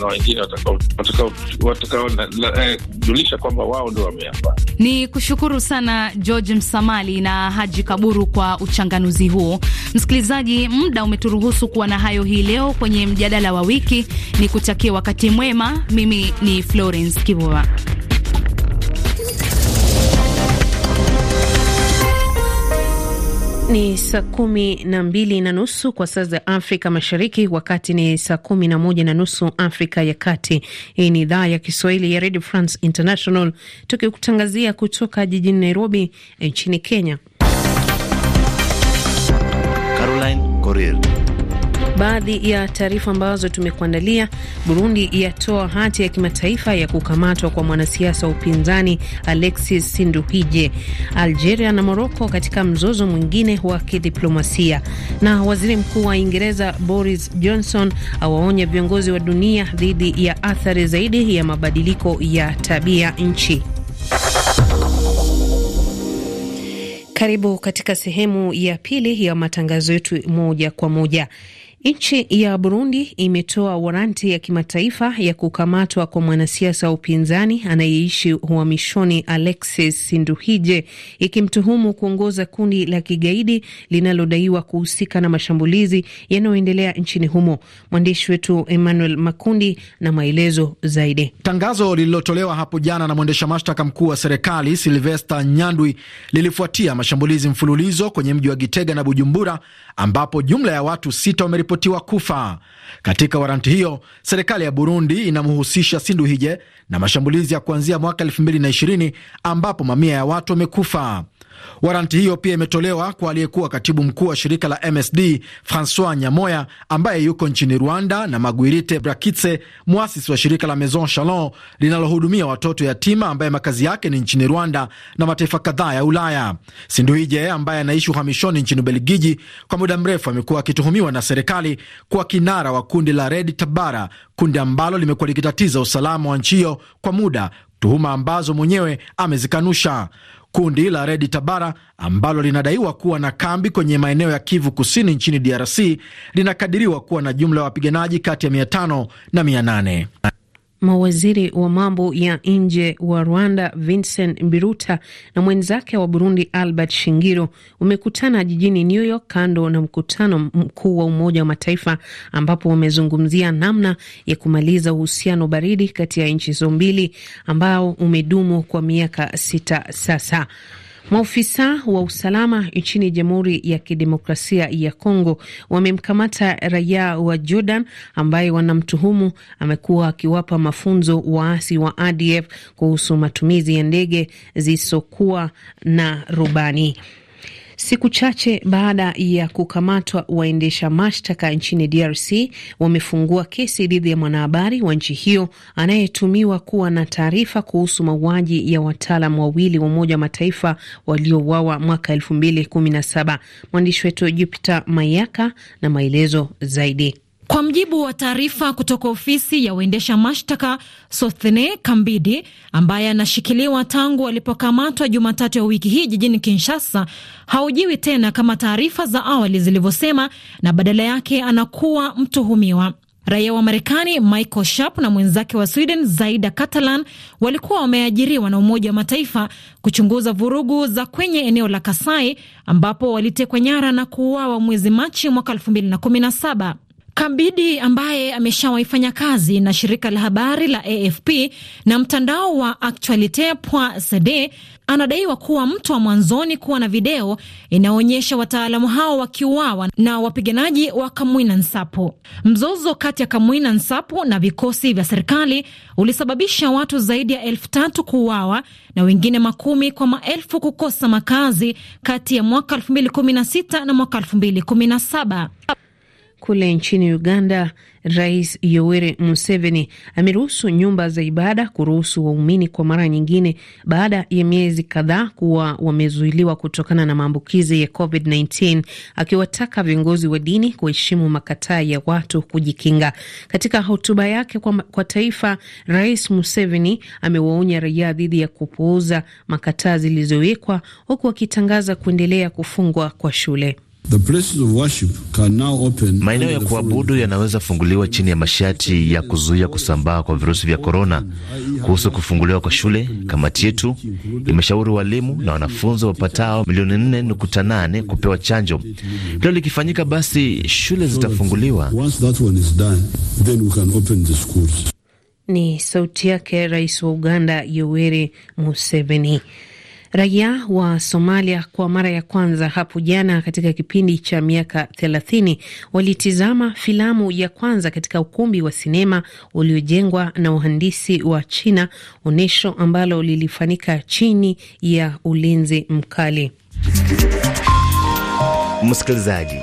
na wengine watakaojulisha eh, kwamba wao ndio wameyafanya. Ni kushukuru sana George Msamali na Haji Kaburu kwa uchanganuzi huo. Msikilizaji, muda umeturuhusu kuwa na hayo hii leo kwenye mjadala wa wiki. Ni kutakia wakati mwema. Mimi ni Florence Kivua. Ni saa kumi na mbili na nusu kwa saa za Afrika Mashariki, wakati ni saa kumi na moja na nusu Afrika ya Kati. Hii ni idhaa ya Kiswahili ya Radio France International, tukikutangazia kutoka jijini Nairobi eh, nchini Kenya. Caroline Corrier Baadhi ya taarifa ambazo tumekuandalia: Burundi yatoa hati ya kimataifa ya kukamatwa kwa mwanasiasa wa upinzani Alexis Sinduhije; Algeria na Moroko katika mzozo mwingine wa kidiplomasia; na waziri mkuu wa Uingereza Boris Johnson awaonya viongozi wa dunia dhidi ya athari zaidi ya mabadiliko ya tabia nchi. Karibu katika sehemu ya pili ya matangazo yetu moja kwa moja. Nchi ya Burundi imetoa waranti ya kimataifa ya kukamatwa kwa mwanasiasa wa upinzani anayeishi uhamishoni Alexis Sinduhije, ikimtuhumu kuongoza kundi la kigaidi linalodaiwa kuhusika na mashambulizi yanayoendelea nchini humo. Mwandishi wetu Emmanuel Makundi na maelezo zaidi. Tangazo lililotolewa hapo jana na mwendesha mashtaka mkuu wa serikali silvesta Nyandwi lilifuatia mashambulizi mfululizo kwenye mji wa Gitega na Bujumbura, ambapo jumla ya watu sita wameripotiwa wameripotiwa kufa. Katika waranti hiyo, serikali ya Burundi inamhusisha Sinduhije na mashambulizi ya kuanzia mwaka 2020 ambapo mamia ya watu wamekufa. Waranti hiyo pia imetolewa kwa aliyekuwa katibu mkuu wa shirika la MSD Francois Nyamoya ambaye yuko nchini Rwanda na Maguirite Brakitse, mwasisi wa shirika la Maison Shalom linalohudumia watoto yatima ambaye makazi yake ni nchini Rwanda na mataifa kadhaa ya Ulaya. Sinduhije ambaye anaishi uhamishoni nchini Ubelgiji kwa muda mrefu amekuwa akituhumiwa na serikali kuwa kinara wa kundi la Red Tabara, kundi ambalo limekuwa likitatiza usalama wa nchi hiyo kwa muda tuhuma ambazo mwenyewe amezikanusha. Kundi la Redi Tabara ambalo linadaiwa kuwa na kambi kwenye maeneo ya Kivu Kusini nchini DRC linakadiriwa kuwa na jumla ya wapiganaji kati ya 500 na 800. Mawaziri wa mambo ya nje wa Rwanda Vincent Biruta na mwenzake wa Burundi Albert Shingiro umekutana jijini New York kando na mkutano mkuu wa Umoja wa Mataifa ambapo wamezungumzia namna ya kumaliza uhusiano baridi kati ya nchi hizo mbili ambao umedumu kwa miaka sita sasa. Maofisa wa usalama nchini Jamhuri ya Kidemokrasia ya Kongo wamemkamata raia wa Jordan ambaye wanamtuhumu amekuwa akiwapa mafunzo waasi wa ADF kuhusu matumizi ya ndege zisizokuwa na rubani. Siku chache baada ya kukamatwa, waendesha mashtaka nchini DRC wamefungua kesi dhidi ya mwanahabari wa nchi hiyo anayetumiwa kuwa na taarifa kuhusu mauaji ya wataalam wawili wa Umoja wa Mataifa waliouawa mwaka elfu mbili kumi na saba. Mwandishi wetu Jupiter Mayaka na maelezo zaidi. Kwa mjibu wa taarifa kutoka ofisi ya uendesha mashtaka, Sothene Kambidi ambaye anashikiliwa tangu alipokamatwa Jumatatu ya wiki hii jijini Kinshasa haujiwi tena kama taarifa za awali zilivyosema, na badala yake anakuwa mtuhumiwa. Raia wa Marekani Michael Sharp na mwenzake wa Sweden Zaida Catalan walikuwa wameajiriwa na Umoja wa Mataifa kuchunguza vurugu za kwenye eneo la Kasai ambapo walitekwa nyara na kuuawa mwezi Machi mwaka 217 Kabidi ambaye ameshawaifanya kazi na shirika la habari la AFP na mtandao wa Actualite.cd anadaiwa kuwa mtu wa mwanzoni kuwa na video inaonyesha wataalamu hao wakiuawa na wapiganaji wa Kamwina Nsapu. Mzozo kati ya Kamwina Nsapu na vikosi vya serikali ulisababisha watu zaidi ya elfu tatu kuuawa na wengine makumi kwa maelfu kukosa makazi kati ya mwaka 2016 na mwaka 2017. Kule nchini Uganda, Rais Yoweri Museveni ameruhusu nyumba za ibada kuruhusu waumini kwa mara nyingine baada ya miezi kadhaa kuwa wamezuiliwa kutokana na maambukizi ya COVID-19, akiwataka viongozi wa dini kuheshimu makataa ya watu kujikinga. Katika hotuba yake kwa, kwa taifa, Rais Museveni amewaonya raia dhidi ya kupuuza makataa zilizowekwa, huku akitangaza kuendelea kufungwa kwa shule. Maeneo ya kuabudu yanaweza funguliwa chini ya masharti ya kuzuia kusambaa kwa virusi vya korona. Kuhusu kufunguliwa kwa shule, kamati yetu imeshauri walimu na wanafunzi wapatao milioni 4.8 kupewa chanjo. Hilo likifanyika, basi shule zitafunguliwa. Ni sauti yake Rais wa Uganda Yoweri Museveni. Raia wa Somalia kwa mara ya kwanza hapo jana katika kipindi cha miaka thelathini walitizama filamu ya kwanza katika ukumbi wa sinema uliojengwa na uhandisi wa China, onyesho ambalo lilifanyika chini ya ulinzi mkali. Msikilizaji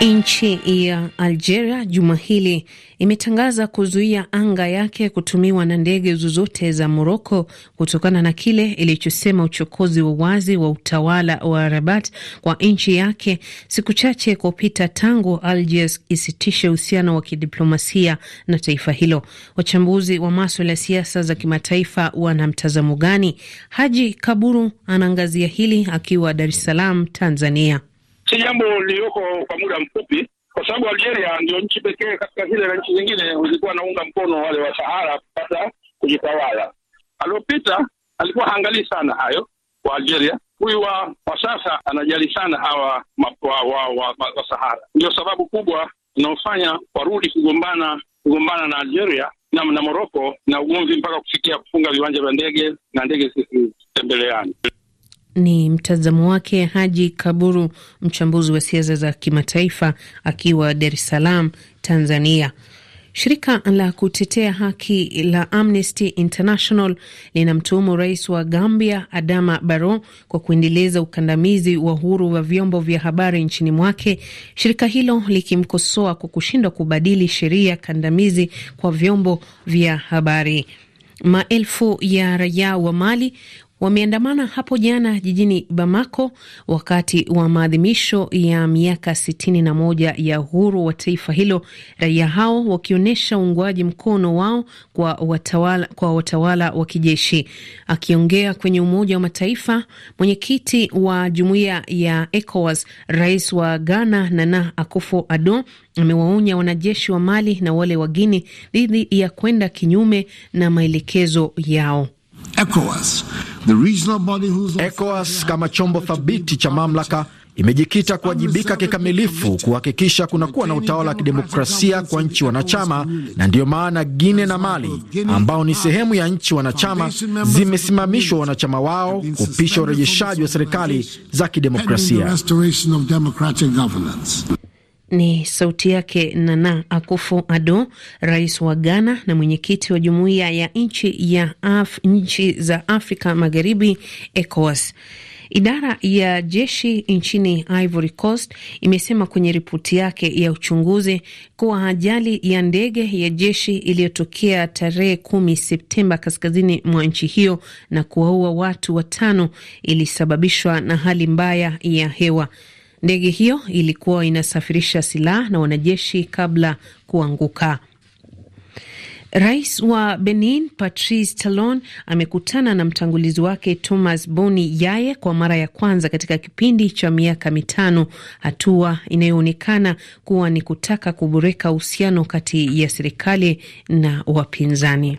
Nchi ya Algeria juma hili imetangaza kuzuia anga yake kutumiwa na ndege zozote za Moroko kutokana na kile ilichosema uchokozi wa wazi wa utawala wa Rabat kwa nchi yake, siku chache kupita tangu Algiers isitishe uhusiano wa kidiplomasia na taifa hilo. Wachambuzi wa maswala ya siasa za kimataifa wana mtazamo gani? Haji Kaburu anaangazia hili akiwa Dar es Salaam, Tanzania si jambo liliyoko kwa muda mfupi, kwa sababu Algeria ndio nchi pekee katika zile na nchi zingine zilikuwa naunga mkono wale wa Sahara kupata kujitawala. Aliopita alikuwa haangalii sana hayo wa Algeria. Huyu wa wa sasa anajali sana hawa wa, wa, wa, wa Sahara. Ndio sababu kubwa inaofanya warudi kugombana kugombana na Algeria na, na Moroko na ugomvi mpaka kufikia kufunga viwanja vya ndege na ndege zisitembeleane. Ni mtazamo wake Haji Kaburu, mchambuzi wa siasa za kimataifa akiwa Dar es Salaam, Tanzania. Shirika la kutetea haki la Amnesty International linamtuhumu rais wa Gambia Adama Barrow kwa kuendeleza ukandamizi wa uhuru wa vyombo vya habari nchini mwake, shirika hilo likimkosoa kwa kushindwa kubadili sheria kandamizi kwa vyombo vya habari. Maelfu ya raia wa Mali wameandamana hapo jana jijini Bamako wakati wa maadhimisho ya miaka moja ya uhuru wa taifa hilo, raia hao wakionyesha uungwaji mkono wao kwa watawala, kwa watawala wa kijeshi. Akiongea kwenye Umoja wa Mataifa, mwenyekiti wa jumuiya ya ECOWAS, rais wa Ghana Nana Akufo-Addo amewaonya wanajeshi wa Mali na wale wa Guinea dhidi ya kwenda kinyume na maelekezo yao. ECOWAS, the regional body whose... ECOWAS kama chombo thabiti cha mamlaka imejikita kuwajibika kikamilifu kuhakikisha kunakuwa na utawala wa kidemokrasia kwa nchi wanachama, na ndiyo maana Guine na Mali ambao ni sehemu ya nchi wanachama zimesimamishwa wanachama wao kupisha urejeshaji wa serikali za kidemokrasia. Ni sauti yake Nana akufo ado rais wa Ghana na mwenyekiti wa jumuiya ya nchi ya Af, nchi za Afrika Magharibi, ECOWAS. Idara ya jeshi nchini Ivory Coast imesema kwenye ripoti yake ya uchunguzi kuwa ajali ya ndege ya jeshi iliyotokea tarehe kumi Septemba kaskazini mwa nchi hiyo na kuwaua watu watano ilisababishwa na hali mbaya ya hewa. Ndege hiyo ilikuwa inasafirisha silaha na wanajeshi kabla kuanguka. Rais wa Benin Patrice Talon amekutana na mtangulizi wake Thomas Boni Yaye kwa mara ya kwanza katika kipindi cha miaka mitano, hatua inayoonekana kuwa ni kutaka kuboreka uhusiano kati ya serikali na wapinzani.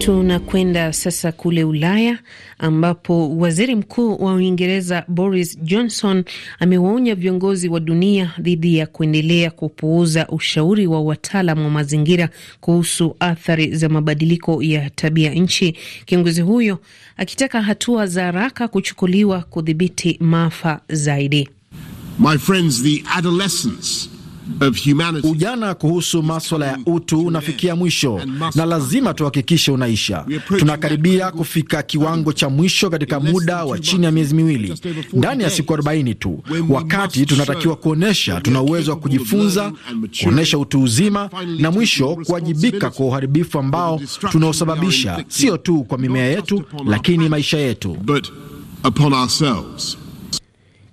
Tunakwenda sasa kule Ulaya ambapo waziri mkuu wa Uingereza Boris Johnson amewaonya viongozi wa dunia dhidi ya kuendelea kupuuza ushauri wa wataalam wa mazingira kuhusu athari za mabadiliko ya tabia nchi, kiongozi huyo akitaka hatua za haraka kuchukuliwa kudhibiti maafa zaidi. My friends, the Ujana kuhusu maswala ya utu unafikia mwisho na lazima tuhakikishe unaisha. Tunakaribia kufika kiwango cha mwisho katika muda wa chini ya miezi miwili, ndani ya siku 40 tu, wakati tunatakiwa kuonyesha tuna uwezo wa kujifunza, kuonyesha utu uzima na mwisho kuwajibika kwa uharibifu ambao tunaosababisha, sio tu kwa mimea yetu, lakini maisha yetu.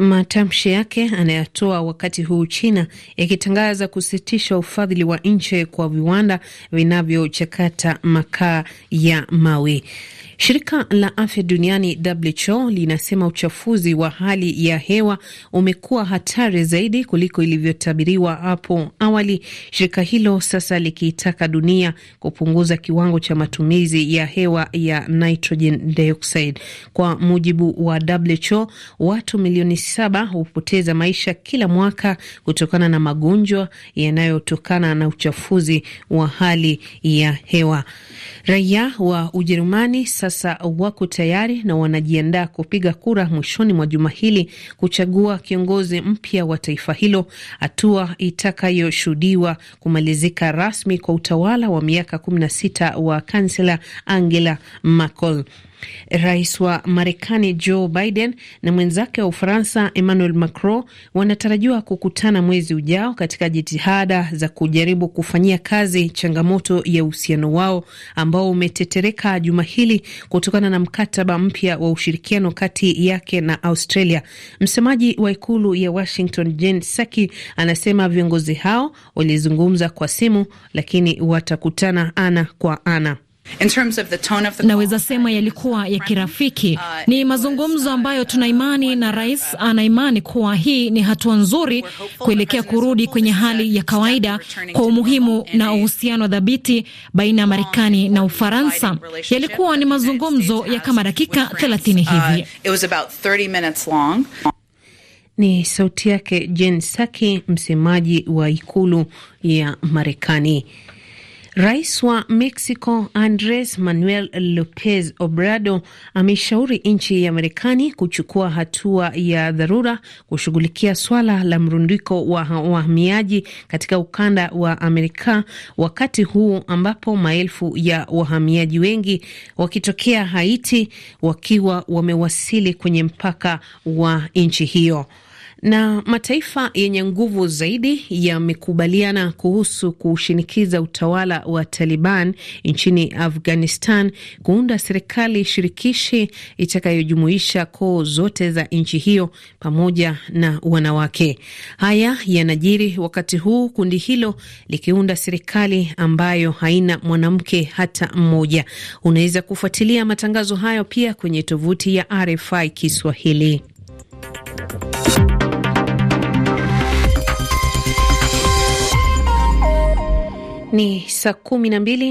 Matamshi yake anayatoa wakati huu China ikitangaza kusitisha ufadhili wa nche kwa viwanda vinavyochakata makaa ya mawe. Shirika la afya duniani WHO linasema uchafuzi wa hali ya hewa umekuwa hatari zaidi kuliko ilivyotabiriwa hapo awali, shirika hilo sasa likiitaka dunia kupunguza kiwango cha matumizi ya hewa ya nitrogen dioxide. Kwa mujibu wa WHO, watu milioni saba hupoteza maisha kila mwaka kutokana na magonjwa yanayotokana na uchafuzi wa hali ya hewa. Raia wa Ujerumani sasa sasa wako tayari na wanajiandaa kupiga kura mwishoni mwa juma hili kuchagua kiongozi mpya wa taifa hilo, hatua itakayoshuhudiwa kumalizika rasmi kwa utawala wa miaka 16 wa kansela Angela Merkel. Rais wa Marekani Joe Biden na mwenzake wa Ufaransa Emmanuel Macron wanatarajiwa kukutana mwezi ujao katika jitihada za kujaribu kufanyia kazi changamoto ya uhusiano wao ambao umetetereka juma hili kutokana na mkataba mpya wa ushirikiano kati yake na Australia. Msemaji wa ikulu ya Washington Jen Psaki anasema viongozi hao walizungumza kwa simu, lakini watakutana ana kwa ana. Naweza sema yalikuwa ya kirafiki. Ni mazungumzo ambayo tuna imani na rais ana imani kuwa hii ni hatua nzuri kuelekea kurudi kwenye hali ya kawaida kwa umuhimu na uhusiano dhabiti baina ya Marekani na Ufaransa. Yalikuwa ni mazungumzo ya kama dakika 30 uh, hivi. Ni sauti yake Jen Psaki, msemaji wa ikulu ya Marekani. Rais wa Mexico Andres Manuel Lopez Obrador ameshauri nchi ya Marekani kuchukua hatua ya dharura kushughulikia swala la mrundiko wa wahamiaji katika ukanda wa Amerika, wakati huu ambapo maelfu ya wahamiaji wengi wakitokea Haiti wakiwa wamewasili kwenye mpaka wa nchi hiyo. Na mataifa yenye nguvu zaidi yamekubaliana kuhusu kushinikiza utawala wa Taliban nchini Afghanistan kuunda serikali shirikishi itakayojumuisha koo zote za nchi hiyo pamoja na wanawake. Haya yanajiri wakati huu kundi hilo likiunda serikali ambayo haina mwanamke hata mmoja. Unaweza kufuatilia matangazo hayo pia kwenye tovuti ya RFI Kiswahili. Ni saa kumi na mbili.